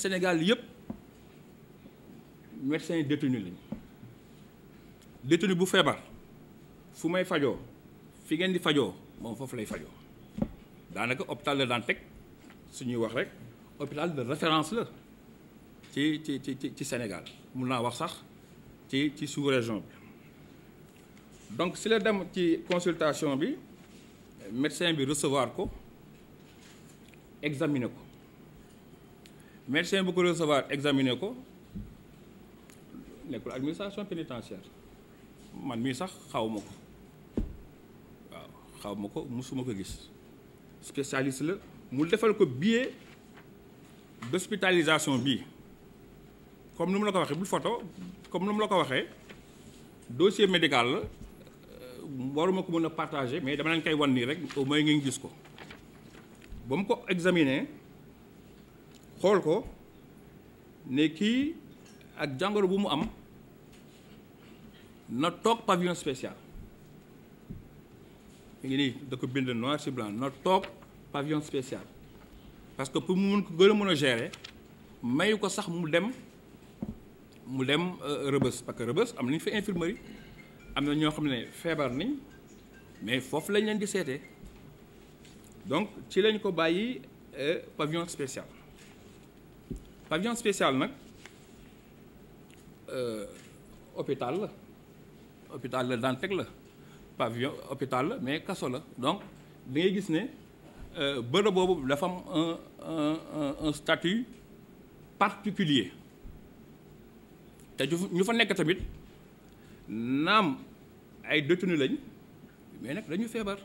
Sénégal yëpp médecin yi détenu lañ détenu bu feebar fu may fajoo fi ngeen di fajoo moom foofu lay fajoo daanaka hôpital de Dantec suñuy wax rek hôpital de référence la ci ci ci ci Sénégal mun naa wax sax ci ci sous-région bi donc si la dem ci consultation bi médecin bi recevoir ko examiner ko médecin bu ko recevoir examiner ko nekkul administration pénitentiaire man mii sax xaw ma ko waaw xaw ma ko musuma ko gis spécialiste la mu defal ko billet d'hospitalisation bi comme ni mu la ko waxee bul photo comme ni mu la ko waxee dossier médical la euh, waruma ko mën a partager mais dama leen kay wan nii rek au nga ngeen gis ko ba mu ko examiner xool ko ne kii ak jàngoro bu mu am na toog pavillon spécial mi ngi nii da ko bind noir sur blanc na toog pavillon spécial parce que pour mu mun ko gën a mën a gérer mayu ko sax mu dem mu dem euh, rëbës parce que rëbës am nañ fi infirmerie am na ñoo xam ne feebar nañ mais foofu lañ leen di seete donc ci lañ ko bàyyi euh, pavillon spécial pavillon spécial nag euh, hôpital la hôpital la Dantec la pavillon hôpital la mais kaso la donc da ngay gis ne euh, bërëb boobu dafa am un un un statut particulier te ñu fa nekk tamit naam ay détenu lañ mais nag dañu feebar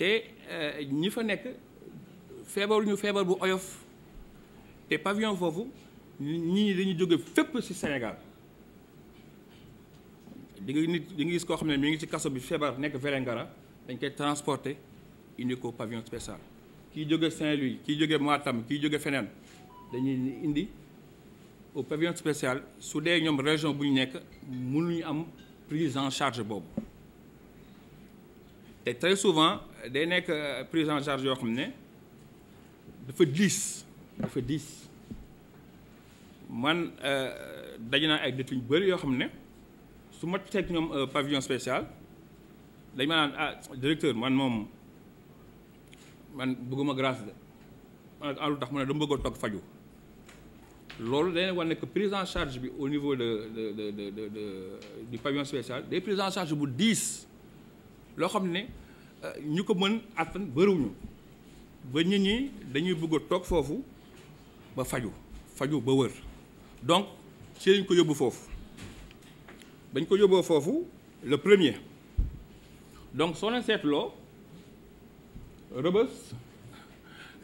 te euh, ñi fa nekk feebaruñu feebar bu oyof te pavillon foofu nit ñi dañuy jóge fépp ci Sénégal di nga nit di nga gis koo xam ne mi ngi ci kaso bi feebar nekk Vélingara dañ koy transporter indi ko pavillon spécial kii jóge Saint-Louis kii jóge tam kii jóge feneen dañuy indi au pavillon spécial su dee ñoom région bu ñu nekk mënuñu am prise en charge boobu te très souvent day nekk euh, prise en charge yoo xam ne dafa diis dafa diis man euh, daje naa ay nit yu bëri yoo xam ne su ma teg ñoom euh, pavillon spécial dañ ma naan ah directeur man moom man bëgguma grâce de man lu tax mu ne dama bëgg a toog faju loolu dañuy wane que prise en charge bi au niveau de de de de de du pavillon spécial day prise en charge bu diis loo xam ne euh, ñu ko mën attan bëriwuñu ba nit ñi dañuy bëgg a toog foofu. ba faju faju ba wër donc ci lañ ko yóbbu foofu bañ ko yóbboo foofu le premier donc soo leen seetloo rëbës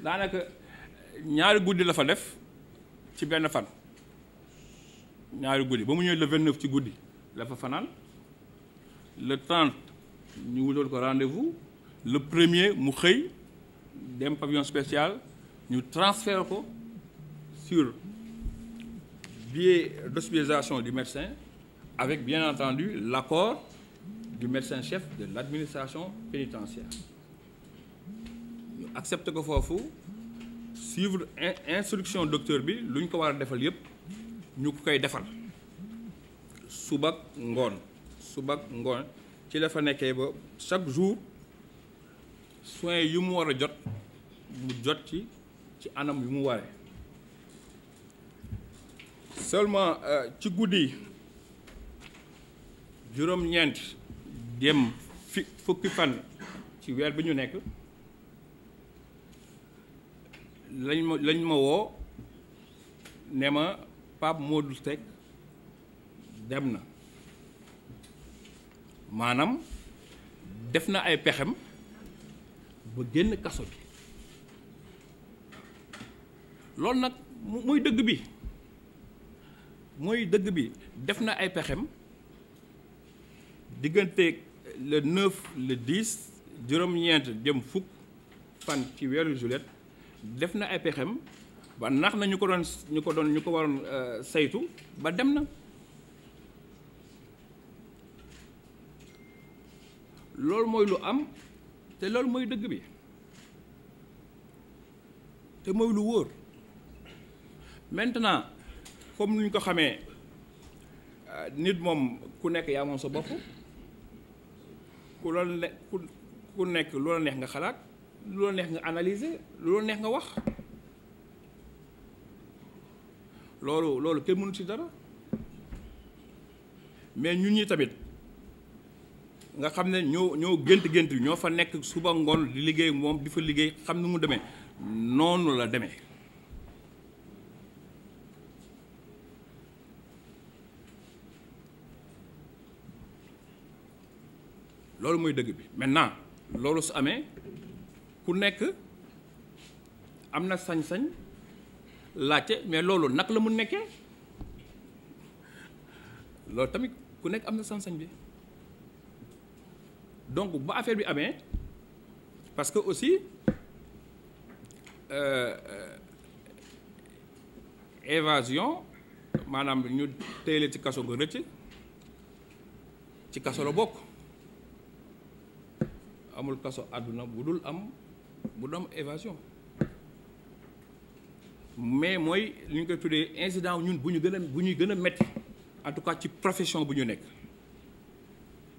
daanaka ñaari guddi la fa def ci benn fan ñaari guddi ba mu ñëwee le 29 ci guddi la fa fanaan le trent ñu wutoon ko rendez-vous le premier mu xëy dem pavillon spécial ñu transféré ko sur biais d'hospitalisation du médecin, avec bien entendu l'accord du médecin-chef de l'administration pénitentiaire. ñu accepté ko foofu suivre instruction docteur bi lu ñu ko war a defal yëpp ñu koy defal subak ngoon subak ngoon ci la fa nekkee ba chaque jour soins yu mu war a jot mu jot ci ci anam yu mu waree seulement euh, ci guddi juróom-ñeent dem fi fukki fan ci weer bi ñu nekk lañ ma lañ ma woo ne ma Pape Modou Seck dem na maanaam def na ay pexem ba génn kaso bi loolu nag muy dëgg bi mooy dëgg bi def na ay pexem digganteeg le 9 le 10 juróom-ñeent jëm fukk fan ci weeru juillet def na ay pexem ba nax na ñu ko doon ñu ko doon ñu ko waroon euh, saytu ba dem na loolu mooy lu am te loolu mooy dëgg bi te mooy lu wóor maintenant comme ni ñu ko xamee euh, nit moom ku nekk yaa moom sa bopp ku la ne ku nekk lu la neex nga xalaat lu la neex nga analyser lu la neex nga wax loolu loolu kenn mënu ci dara mais ñun ñi tamit nga xam ne ñoo ñoo gént gént ñoo fa nekk suba ngoon di liggéey moom di fa liggéey xam ni mu demee noonu la demee loolu mooy dëgg bi maintenant loolu su amee ku nekk am na sañ-sañ laajte mais loolu nag la mu nekkee loolu tamit ku nekk am na sañ-sañ bi donc bu affaire bi amee parce que aussi euh, euh, évasion maanaam ñu téye ci kaso nga rëcc ci kaso la bokk. amul kaso àdduna bu dul am bu dul am évasion mais mooy li ñu koy tuddee insident ñun bu ñu gën bu ñuy gën a métti en tout cas ci profession bu ñu nekk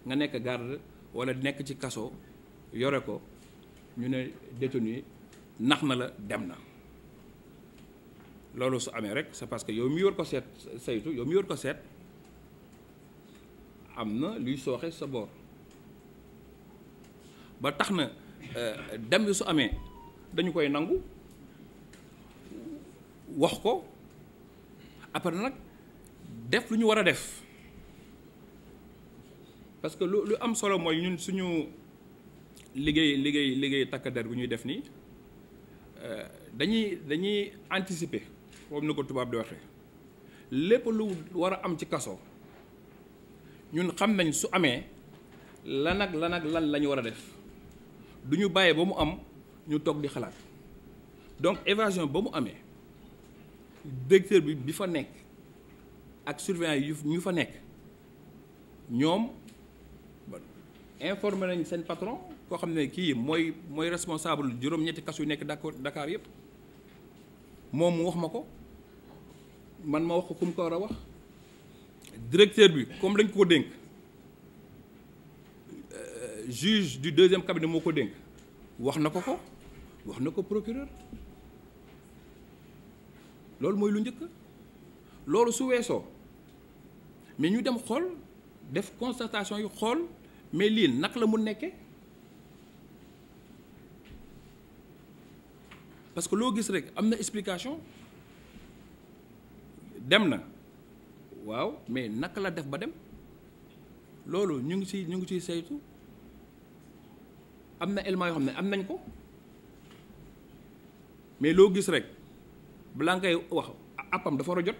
nga nekk garde wala nekk ci kaso yore ko ñu ne détenu nax na la dem na loolu su amee rek sa parce que yow mi yor ko seet saytu yow mi yor ko seet am na luy sooxe sa boor ba tax na euh, dem bi su amee dañu koy nangu wax ko après nag def lu ñu war a def parce que lu lu am solo mooy ñun suñu liggéey liggéey liggéey takk der bu ñuy def nii euh, dañuy dañuy anticiper comme ni ko tubaab di waxee lépp lu war a am ci kaso ñun xam nañ su amee lan ak lan ak lan la ñu war a def. du ñu bàyyi ba mu am ñu toog di xalaat donc évasion ba mu amee directeur bi bi fa nekk ak surveillant yu ñu fa nekk ñoom informé nañ seen patron koo xam ne kii mooy mooy responsable juróom-ñetti kaso yu nekk d'accord Dakar yëpp moom mu wax ma ko man ma wax ko ku mu ko war a wax directeur bi comme dañ koo dénk juge du deuxième cabinet moo ko dénk wax na ko ko wax na ko procureur loolu mooy lu njëkk loolu su weesoo mais ñu dem xool def constatation yu xool mais lii nag la mu nekke parce que loo gis rek am na explication dem na waaw mais naka la def ba dem loolu ñu ngi ci ñu ngi ciy saytu am na élément yoo xam ne am nañ ko mais loo gis rek balaa ngay wax appam dafa war a jot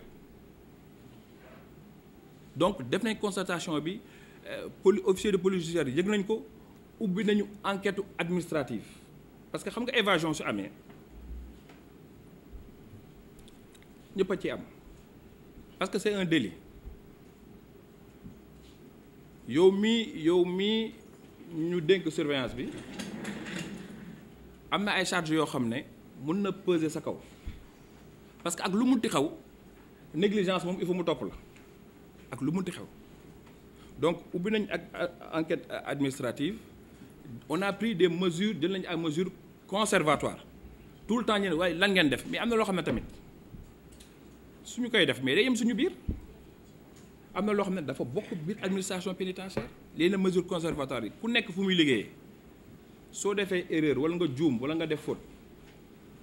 donc def nañ constatation bi euh, poli officier de police judiciaire yëg nañ ko ubbi nañu enquête administrative parce que xam nga évasion si amee ñëpp a ci am parce que c'est un délit yow mii yow mii. ñu dénk surveillance bi am na ay charges yoo xam ne mën na peser sa kaw parce que ak lu munti xaw négligence moom il faut mu top la ak lu ti xew donc ubbi nañ ak enquête administrative on a pris des mesure jël nañ ay mesures conservatoires tout le temps ñu waaye lan ngeen def mais am na loo xam ne tamit suñu koy def mais day yem suñu biir am na loo xam ne dafa bokk biir administration pénitentiaire li la mesure conservatoire yi ku nekk fu muy liggéeyee soo defee erreur wala nga juum wala nga def faute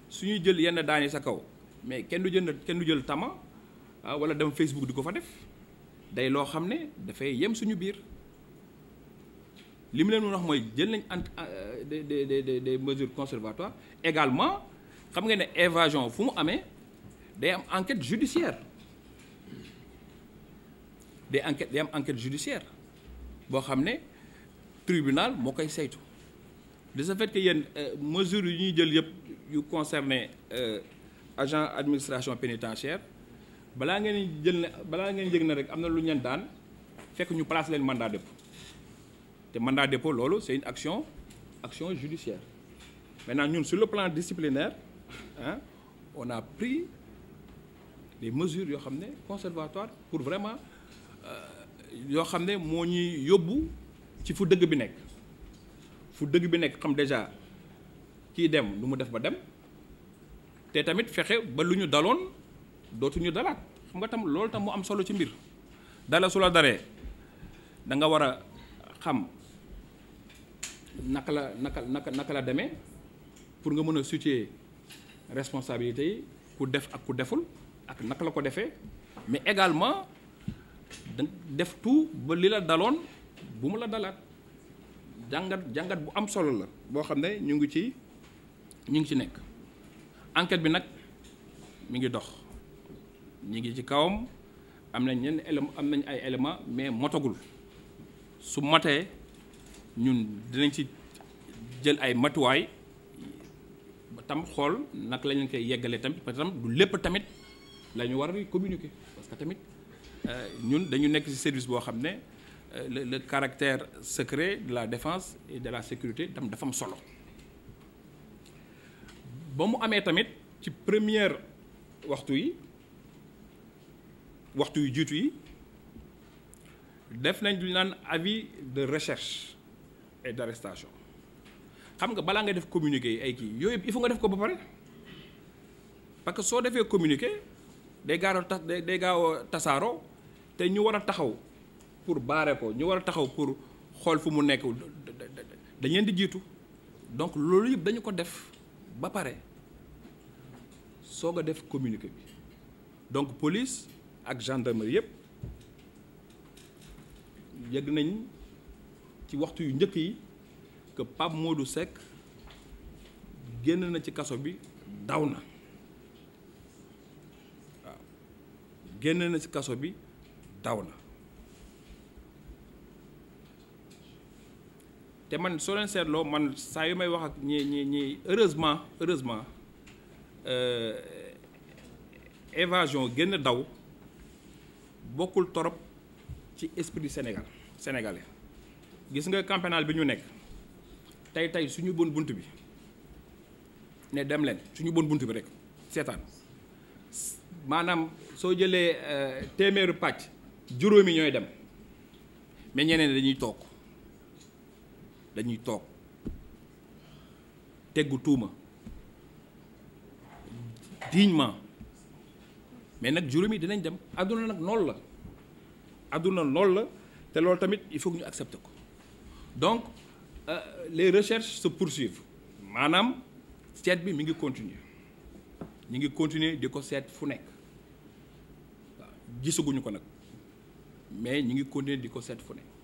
su ñuy jël yenn daan sa kaw mais kenn du jënd kenn du jël tama ah, wala dem Facebook di ko fa def day loo xam ne dafay yem suñu biir li mu leen mën wax mooy jël nañ de de de des mesures conservatoires également xam nga ne évasion fu mu amee day am enquête judiciaire day enquête day am enquête judiciaire boo xam ne tribunal moo koy saytu de ce fait que yéen euh, mesures yu ñuy jël yëpp yu concerné euh, agent administration pénitentiaire balaa ngeen jël ne balaa ngeen jëg na rek am na lu ñeen daan fekk ñu place leen mandat dépôt te mandat dépôt loolu c'est une action action judiciaire naa ñun sur le plan disciplinaire ah on a pris des mesures yoo xam ne conservatoires pour vraiment euh, yoo xam ne moo ñuy yóbbu ci fu dëgg bi nekk fu dëgg bi nekk xam déjà kii dem lu mu def ba dem te tamit fexe ba lu ñu daloon dootuñu dalaat xam nga tam loolu tam mu am solo ci mbir dala su la daree da nga war a xam naka la naka naka naka la demee pour nga mën a situer responsabilité yi ku def ak ku deful ak naka la ko defee mais également def tout ba li la daloon bu mu la dalaat jàngat jàngat bu am solo la boo xam ne ñu ngi ci ñu ngi ci nekk enquête bi nag mi ngi dox ñu ngi ci kawam am nañ ñenn élément am nañ ay élément mais motagul su matee ñun dinañ ci jël ay matuwaay ba tam xool nak la ñu koy yeggalee tamit parce que lépp tamit la ñu war a communiquer parce que tamit. Euh, ñun dañu nekk ci service boo xam ne euh, le le caractère secret de la défence et de la sécurité tam dafa am solo ba mu amee tamit ci première waxtu yi waxtu yu jiitu yi def nañ lu naan avis de recherche et d'arrestation xam nga balaa nga def communiqué yi ay kii yooyu il nga def ko ba pare parce que soo defee communiqué day gaaw a day gaaw tasaaroo te ñu war a taxaw pour baare ko ñu war a taxaw pour xool fu mu nekk dañ leen di jiitu donc loolu yëpp dañu ko def ba pare soog a def communiqué bi donc police ak gendarmerie yëpp yëg nañ ci waxtu yu njëkk yi que Pape Modou Seck génn na ci kaso bi daw na. génn na ci kaso bi daw na te man soo leen seetloo man saa yu may wax ak ñi ñi ñi heureusement heureusement euh, évasion génn daw bokkul torop ci esprit Sénégal sénégalais gis nga camp bi ñu nekk tey tey suñu bon bunt bi ne dem leen suñu bon bunt bi rek seetaan maanaam soo jëlee euh, téeméeru pàcc juróomi ñooy dem mais ñeneen dañuy toog dañuy toog teggu tuuma dignement mais nag juróom juróomi dinañ dem àdduna nag noonu la àdduna noonu la te loolu tamit il faut ñu accepter ko donc euh, les recherches sa poursuivent maanaam seet bi mi ngi continuer mu ngi continuer di ko seet fu nekk gisaguñu ko nag mais ñu ngi continuer di ko seet fu ne